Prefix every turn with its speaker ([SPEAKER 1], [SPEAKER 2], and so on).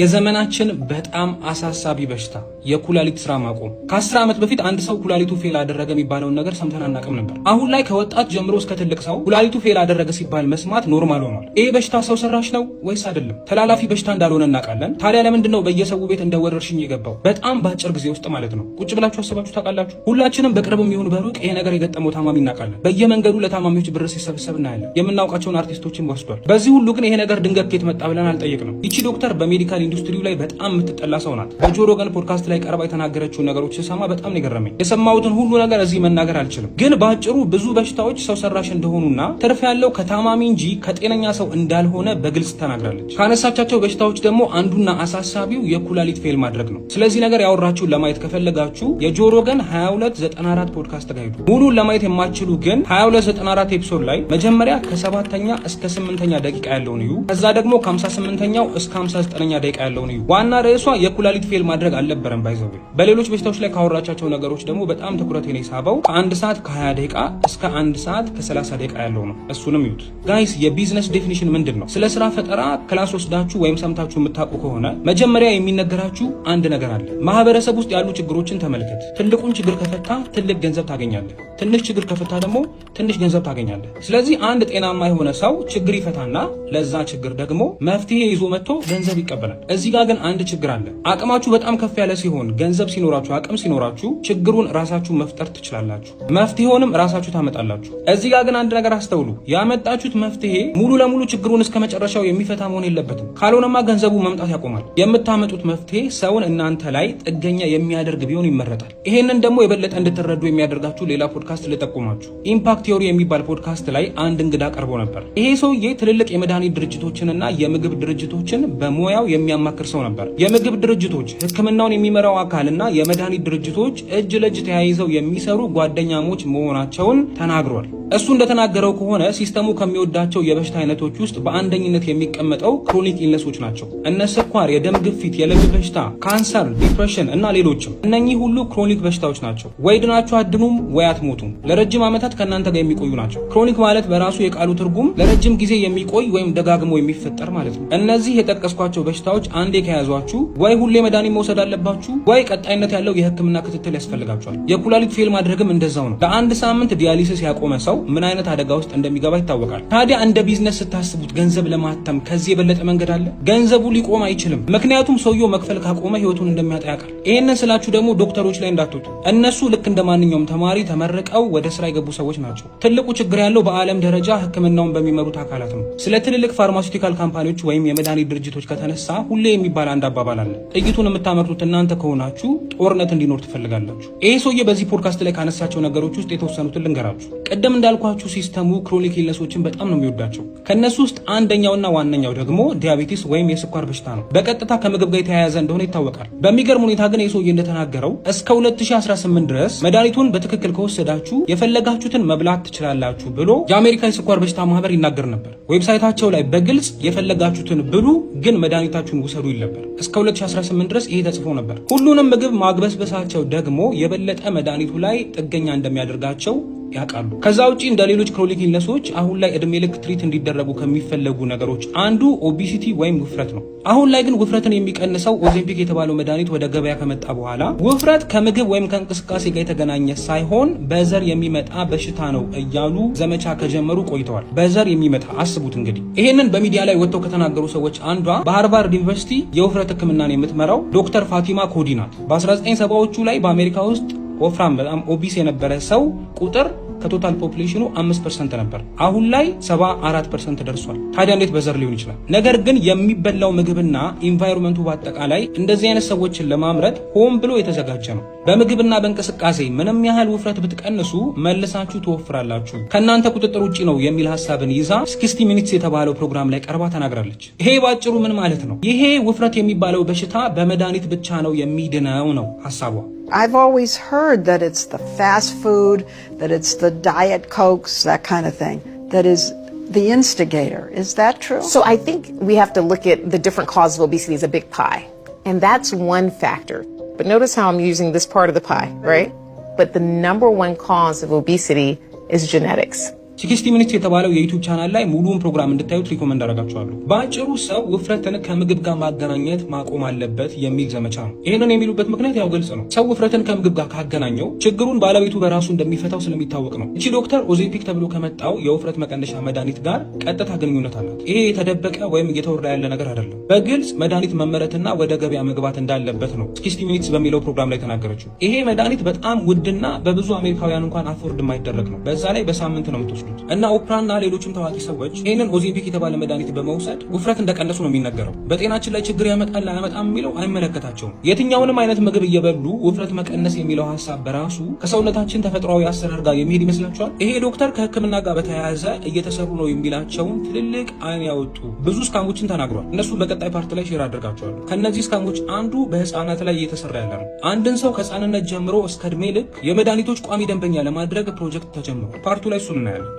[SPEAKER 1] የዘመናችን በጣም አሳሳቢ በሽታ የኩላሊት ስራ ማቆም። ከአስር ዓመት በፊት አንድ ሰው ኩላሊቱ ፌል አደረገ የሚባለውን ነገር ሰምተን አናቅም ነበር። አሁን ላይ ከወጣት ጀምሮ እስከ ትልቅ ሰው ኩላሊቱ ፌል አደረገ ሲባል መስማት ኖርማል ሆኗል። ይህ በሽታ ሰው ሰራሽ ነው ወይስ አይደለም? ተላላፊ በሽታ እንዳልሆነ እናውቃለን። ታዲያ ለምንድን ነው በየሰው ቤት እንደ ወረርሽኝ የገባው? በጣም በአጭር ጊዜ ውስጥ ማለት ነው። ቁጭ ብላችሁ አስባችሁ ታውቃላችሁ? ሁላችንም በቅርብ ይሁን በሩቅ ይሄ ነገር የገጠመው ታማሚ እናውቃለን። በየመንገዱ ለታማሚዎች ብር ሲሰብሰብ እናያለን። የምናውቃቸውን አርቲስቶችን ወስዷል። በዚህ ሁሉ ግን ይሄ ነገር ድንገት ከየት መጣ ብለን አልጠየቅንም። ይቺ ዶክተር በሜዲካል ኢንዱስትሪው ላይ በጣም የምትጠላ ሰው ናት። በጆሮ ገን ፖድካስት ላይ ቀርባ የተናገረችውን ነገሮች ስሰማ በጣም ነው የገረመኝ። የሰማሁትን ሁሉ ነገር እዚህ መናገር አልችልም፣ ግን በአጭሩ ብዙ በሽታዎች ሰው ሰራሽ እንደሆኑና ትርፍ ያለው ከታማሚ እንጂ ከጤነኛ ሰው እንዳልሆነ በግልጽ ተናግራለች። ካነሳቻቸው በሽታዎች ደግሞ አንዱና አሳሳቢው የኩላሊት ፌል ማድረግ ነው። ስለዚህ ነገር ያወራችሁን ለማየት ከፈለጋችሁ የጆሮ ገን 2294 ፖድካስት ጋር ሄዱ። ሙሉን ለማየት የማችሉ ግን 2294 ኤፒሶድ ላይ መጀመሪያ ከሰባተኛ እስከ ስምንተኛ ደቂቃ ያለውን እዩ። ከዛ ደግሞ ከ58ኛው እስከ 59ኛ ደቂቃ ያለው ነው። ዋና ርዕሷ የኩላሊት ፌል ማድረግ አልነበረም። ባይዘው በሌሎች በሽታዎች ላይ ካወራቻቸው ነገሮች ደግሞ በጣም ትኩረት የኔ ሳበው ከአንድ ሰዓት ከ20 ደቂቃ እስከ አንድ ሰዓት ከ30 ደቂቃ ያለው ነው። እሱንም ይዩት ጋይስ። የቢዝነስ ዴፊኒሽን ምንድን ነው? ስለ ስራ ፈጠራ ክላስ ወስዳችሁ ወይም ሰምታችሁ የምታውቁ ከሆነ መጀመሪያ የሚነገራችሁ አንድ ነገር አለ። ማህበረሰብ ውስጥ ያሉ ችግሮችን ተመልከት። ትልቁን ችግር ከፈታ ትልቅ ገንዘብ ታገኛለህ። ትንሽ ችግር ከፈታ ደግሞ ትንሽ ገንዘብ ታገኛለህ። ስለዚህ አንድ ጤናማ የሆነ ሰው ችግር ይፈታና ለዛ ችግር ደግሞ መፍትሄ ይዞ መጥቶ ገንዘብ ይቀበላል። ይችላል። እዚህ ጋር ግን አንድ ችግር አለ። አቅማችሁ በጣም ከፍ ያለ ሲሆን፣ ገንዘብ ሲኖራችሁ፣ አቅም ሲኖራችሁ ችግሩን ራሳችሁ መፍጠር ትችላላችሁ። መፍትሄውንም ራሳችሁ ታመጣላችሁ። እዚህ ጋር ግን አንድ ነገር አስተውሉ። ያመጣችሁት መፍትሄ ሙሉ ለሙሉ ችግሩን እስከ መጨረሻው የሚፈታ መሆን የለበትም። ካልሆነማ ገንዘቡ መምጣት ያቆማል። የምታመጡት መፍትሄ ሰውን እናንተ ላይ ጥገኛ የሚያደርግ ቢሆን ይመረጣል። ይሄንን ደግሞ የበለጠ እንድትረዱ የሚያደርጋችሁ ሌላ ፖድካስት ልጠቁማችሁ። ኢምፓክት ቲዮሪ የሚባል ፖድካስት ላይ አንድ እንግዳ ቀርቦ ነበር። ይሄ ሰውዬ ትልልቅ የመድኃኒት ድርጅቶችንና የምግብ ድርጅቶችን በሙያው የሚያማክር ሰው ነበር። የምግብ ድርጅቶች፣ ህክምናውን የሚመራው አካልና የመድኃኒት ድርጅቶች እጅ ለእጅ ተያይዘው የሚሰሩ ጓደኛሞች መሆናቸውን ተናግሯል። እሱ እንደተናገረው ከሆነ ሲስተሙ ከሚወዳቸው የበሽታ አይነቶች ውስጥ በአንደኝነት የሚቀመጠው ክሮኒክ ኢልነሶች ናቸው። እነሱ ስኳር፣ የደም ግፊት፣ የልብ በሽታ፣ ካንሰር፣ ዲፕሬሽን እና ሌሎችም። እነኚህ ሁሉ ክሮኒክ በሽታዎች ናቸው። ወይ ድናችሁ አድኑም ወይ አትሞቱም። ለረጅም ዓመታት ከእናንተ ጋር የሚቆዩ ናቸው። ክሮኒክ ማለት በራሱ የቃሉ ትርጉም ለረጅም ጊዜ የሚቆይ ወይም ደጋግሞ የሚፈጠር ማለት ነው። እነዚህ የጠቀስኳቸው በሽታዎች አንዴ ከያዟችሁ ወይ ሁሌ መድኃኒት መውሰድ አለባችሁ ወይ ቀጣይነት ያለው የህክምና ክትትል ያስፈልጋችኋል። የኩላሊት ፌል ማድረግም እንደዛው ነው። ለአንድ ሳምንት ዲያሊሲስ ያቆመ ሰው ምን አይነት አደጋ ውስጥ እንደሚገባ ይታወቃል። ታዲያ እንደ ቢዝነስ ስታስቡት ገንዘብ ለማተም ከዚህ የበለጠ መንገድ አለ? ገንዘቡ ሊቆም አይችልም። አይችልም። ምክንያቱም ሰውየው መክፈል ካቆመ ህይወቱን እንደሚያጣ ያውቃል። ይህንን ስላችሁ ደግሞ ዶክተሮች ላይ እንዳትወጡ። እነሱ ልክ እንደ ማንኛውም ተማሪ ተመርቀው ወደ ስራ የገቡ ሰዎች ናቸው። ትልቁ ችግር ያለው በዓለም ደረጃ ህክምናውን በሚመሩት አካላት ነው። ስለ ትልልቅ ፋርማሲውቲካል ካምፓኒዎች ወይም የመድኃኒት ድርጅቶች ከተነሳ ሁሌ የሚባል አንድ አባባል አለ። ጥይቱን የምታመርቱት እናንተ ከሆናችሁ ጦርነት እንዲኖር ትፈልጋላችሁ። ይሄ ሰውዬ በዚህ ፖድካስት ላይ ካነሳቸው ነገሮች ውስጥ የተወሰኑትን ልንገራችሁ። ቀደም እንዳልኳችሁ ሲስተሙ ክሮኒክ ኢልነሶችን በጣም ነው የሚወዳቸው። ከእነሱ ውስጥ አንደኛውና ዋነኛው ደግሞ ዲያቤቲስ ወይም የስኳር በሽታ ነው። በቀጥታ ከምግብ ጋር የተያያዘ እንደሆነ ይታወቃል። በሚገርም ሁኔታ ግን የሰውዬ እንደተናገረው እስከ 2018 ድረስ መድኃኒቱን በትክክል ከወሰዳችሁ የፈለጋችሁትን መብላት ትችላላችሁ ብሎ የአሜሪካ የስኳር በሽታ ማህበር ይናገር ነበር። ዌብሳይታቸው ላይ በግልጽ የፈለጋችሁትን ብሉ፣ ግን መድኃኒታችሁን ውሰዱ ይል ነበር። እስከ 2018 ድረስ ይሄ ተጽፎ ነበር። ሁሉንም ምግብ ማግበስበሳቸው ደግሞ የበለጠ መድኃኒቱ ላይ ጥገኛ እንደሚያደርጋቸው ያውቃሉ። ከዛ ውጪ እንደ ሌሎች ክሮኒክ ኢልነሶች አሁን ላይ እድሜ ልክ ትሪት እንዲደረጉ ከሚፈለጉ ነገሮች አንዱ ኦቢሲቲ ወይም ውፍረት ነው። አሁን ላይ ግን ውፍረትን የሚቀንሰው ኦሊምፒክ የተባለው መድኃኒት ወደ ገበያ ከመጣ በኋላ ውፍረት ከምግብ ወይም ከእንቅስቃሴ ጋር የተገናኘ ሳይሆን በዘር የሚመጣ በሽታ ነው እያሉ ዘመቻ ከጀመሩ ቆይተዋል። በዘር የሚመጣ አስቡት እንግዲህ። ይሄንን በሚዲያ ላይ ወጥተው ከተናገሩ ሰዎች አንዷ በሃርቫርድ ዩኒቨርሲቲ የውፍረት ሕክምናን የምትመራው ዶክተር ፋቲማ ኮዲ ናት። በ1970ዎቹ ላይ በአሜሪካ ውስጥ ወፍራም በጣም ኦቢስ የነበረ ሰው ቁጥር ከቶታል ፖፕሌሽኑ 5% ፐርሰንት ነበር። አሁን ላይ 74% አራት ፐርሰንት ደርሷል። ታዲያ እንዴት በዘር ሊሆን ይችላል? ነገር ግን የሚበላው ምግብና ኢንቫይሮንመንቱ በአጠቃላይ እንደዚህ አይነት ሰዎችን ለማምረት ሆን ብሎ የተዘጋጀ ነው። በምግብና በእንቅስቃሴ ምንም ያህል ውፍረት ብትቀንሱ መልሳችሁ ትወፍራላችሁ፣ ከእናንተ ቁጥጥር ውጭ ነው የሚል ሀሳብን ይዛ ሲክስቲ ሚኒትስ የተባለው ፕሮግራም ላይ ቀርባ ተናግራለች። ይሄ ባጭሩ ምን ማለት ነው? ይሄ ውፍረት የሚባለው በሽታ በመድኃኒት ብቻ ነው የሚድነው ነው ሀሳቧ።
[SPEAKER 2] I've always heard that it's the fast food, that it's the diet cokes, that kind of thing, that is the instigator. Is that true?
[SPEAKER 3] So I think we have to look at the different causes of obesity as a big pie. And that's one factor. But notice how I'm using this part of the pie, right? But the number one cause of obesity is genetics.
[SPEAKER 1] ሲክስቲ ሚኒትስ የተባለው የዩቱብ ቻናል ላይ ሙሉውን ፕሮግራም እንድታዩት ሪኮመንድ አደርጋችኋለሁ። በአጭሩ ሰው ውፍረትን ከምግብ ጋር ማገናኘት ማቆም አለበት የሚል ዘመቻ ነው። ይህንን የሚሉበት ምክንያት ያው ግልጽ ነው። ሰው ውፍረትን ከምግብ ጋር ካገናኘው ችግሩን ባለቤቱ በራሱ እንደሚፈታው ስለሚታወቅ ነው። እቺ ዶክተር ኦዜፒክ ተብሎ ከመጣው የውፍረት መቀነሻ መድኃኒት ጋር ቀጥታ ግንኙነት አላት። ይሄ የተደበቀ ወይም እየተወራ ያለ ነገር አይደለም። በግልጽ መድኃኒት መመረትና ወደ ገበያ መግባት እንዳለበት ነው ሲክስቲ ሚኒትስ በሚለው ፕሮግራም ላይ ተናገረችው። ይሄ መድኃኒት በጣም ውድና በብዙ አሜሪካውያን እንኳን አፎርድ የማይደረግ ነው። በዛ ላይ በሳምንት ነው ምትወስዱ የሚወስዱት እና ኦፕራና ሌሎችም ታዋቂ ሰዎች ይህንን ኦዚምፒክ የተባለ መድኃኒት በመውሰድ ውፍረት እንደቀነሱ ነው የሚነገረው። በጤናችን ላይ ችግር ያመጣል አያመጣም የሚለው አይመለከታቸውም። የትኛውንም አይነት ምግብ እየበሉ ውፍረት መቀነስ የሚለው ሀሳብ በራሱ ከሰውነታችን ተፈጥሯዊ አሰራር ጋር የሚሄድ ይመስላቸዋል። ይሄ ዶክተር ከህክምና ጋር በተያያዘ እየተሰሩ ነው የሚላቸውን ትልልቅ አይን ያወጡ ብዙ ስካሞችን ተናግሯል። እነሱ በቀጣይ ፓርት ላይ ሼር አድርጋቸዋል። ከእነዚህ እስካሞች አንዱ በህፃናት ላይ እየተሰራ ያለ ነው። አንድን ሰው ከህፃንነት ጀምሮ እስከ እድሜ ልክ የመድኃኒቶች ቋሚ ደንበኛ ለማድረግ ፕሮጀክት ተጀምሯል። ፓርቱ ላይ እሱን እናያለን።